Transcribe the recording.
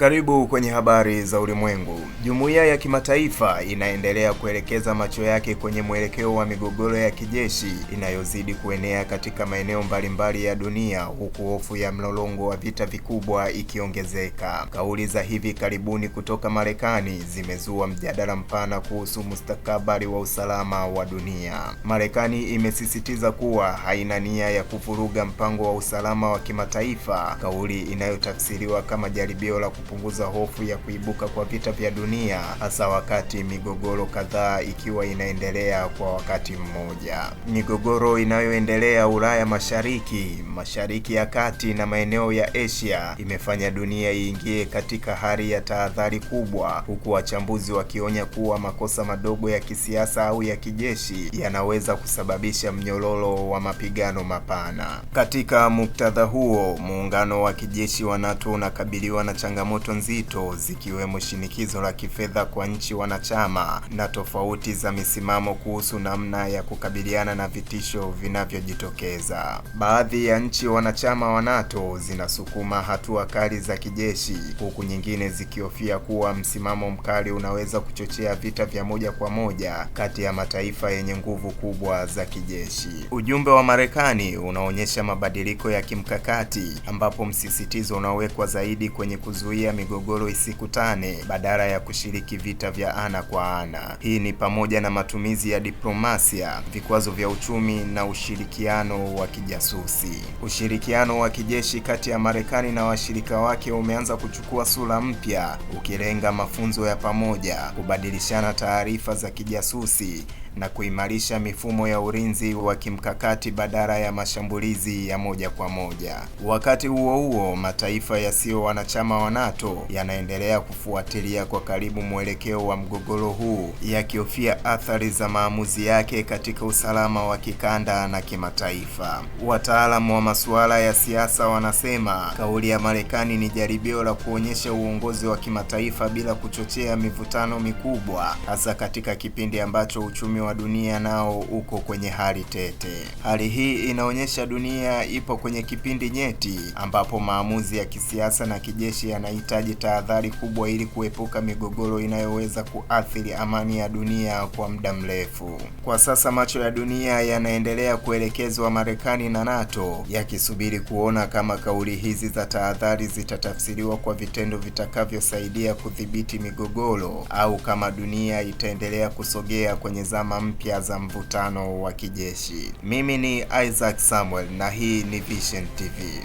Karibu kwenye habari za ulimwengu. Jumuiya ya kimataifa inaendelea kuelekeza macho yake kwenye mwelekeo wa migogoro ya kijeshi inayozidi kuenea katika maeneo mbalimbali ya dunia huku hofu ya mlolongo wa vita vikubwa ikiongezeka. Kauli za hivi karibuni kutoka Marekani zimezua mjadala mpana kuhusu mustakabali wa usalama wa dunia. Marekani imesisitiza kuwa haina nia ya kuvuruga mpango wa usalama wa kimataifa, kauli inayotafsiriwa kama jaribio la kupunguza hofu ya kuibuka kwa vita vya dunia, hasa wakati migogoro kadhaa ikiwa inaendelea kwa wakati mmoja. Migogoro inayoendelea Ulaya Mashariki, Mashariki ya Kati na maeneo ya Asia imefanya dunia iingie katika hali ya tahadhari kubwa, huku wachambuzi wakionya kuwa makosa madogo ya kisiasa au ya kijeshi yanaweza kusababisha mnyororo wa mapigano mapana. Katika muktadha huo, muungano wa kijeshi wa NATO unakabiliwa na changamoto changamoto nzito zikiwemo shinikizo la kifedha kwa nchi wanachama na tofauti za misimamo kuhusu namna ya kukabiliana na vitisho vinavyojitokeza. Baadhi ya nchi wanachama wa NATO zinasukuma hatua kali za kijeshi, huku nyingine zikihofia kuwa msimamo mkali unaweza kuchochea vita vya moja kwa moja kati ya mataifa yenye nguvu kubwa za kijeshi. Ujumbe wa Marekani unaonyesha mabadiliko ya kimkakati ambapo msisitizo unawekwa zaidi kwenye kuzuia kuzuia migogoro isikutane badala ya kushiriki vita vya ana kwa ana. Hii ni pamoja na matumizi ya diplomasia, vikwazo vya uchumi na ushirikiano wa kijasusi. Ushirikiano wa kijeshi kati ya Marekani na washirika wake umeanza kuchukua sura mpya, ukilenga mafunzo ya pamoja, kubadilishana taarifa za kijasusi na kuimarisha mifumo ya ulinzi wa kimkakati badala ya mashambulizi ya moja kwa moja. Wakati huo huo, mataifa yasiyo wanachama wa NATO yanaendelea kufuatilia kwa karibu mwelekeo wa mgogoro huu, yakihofia athari za maamuzi yake katika usalama wa kikanda na kimataifa. Wataalamu wa masuala ya siasa wanasema kauli ya Marekani ni jaribio la kuonyesha uongozi wa kimataifa bila kuchochea mivutano mikubwa, hasa katika kipindi ambacho uchumi wa dunia nao uko kwenye hali tete. Hali hii inaonyesha dunia ipo kwenye kipindi nyeti ambapo maamuzi ya kisiasa na kijeshi yanai inahitaji tahadhari kubwa ili kuepuka migogoro inayoweza kuathiri amani ya dunia kwa muda mrefu. Kwa sasa macho ya dunia yanaendelea kuelekezwa Marekani na NATO, yakisubiri kuona kama kauli hizi za tahadhari zitatafsiriwa kwa vitendo vitakavyosaidia kudhibiti migogoro au kama dunia itaendelea kusogea kwenye zama mpya za mvutano wa kijeshi. Mimi ni Isaac Samuel na hii ni Vision TV.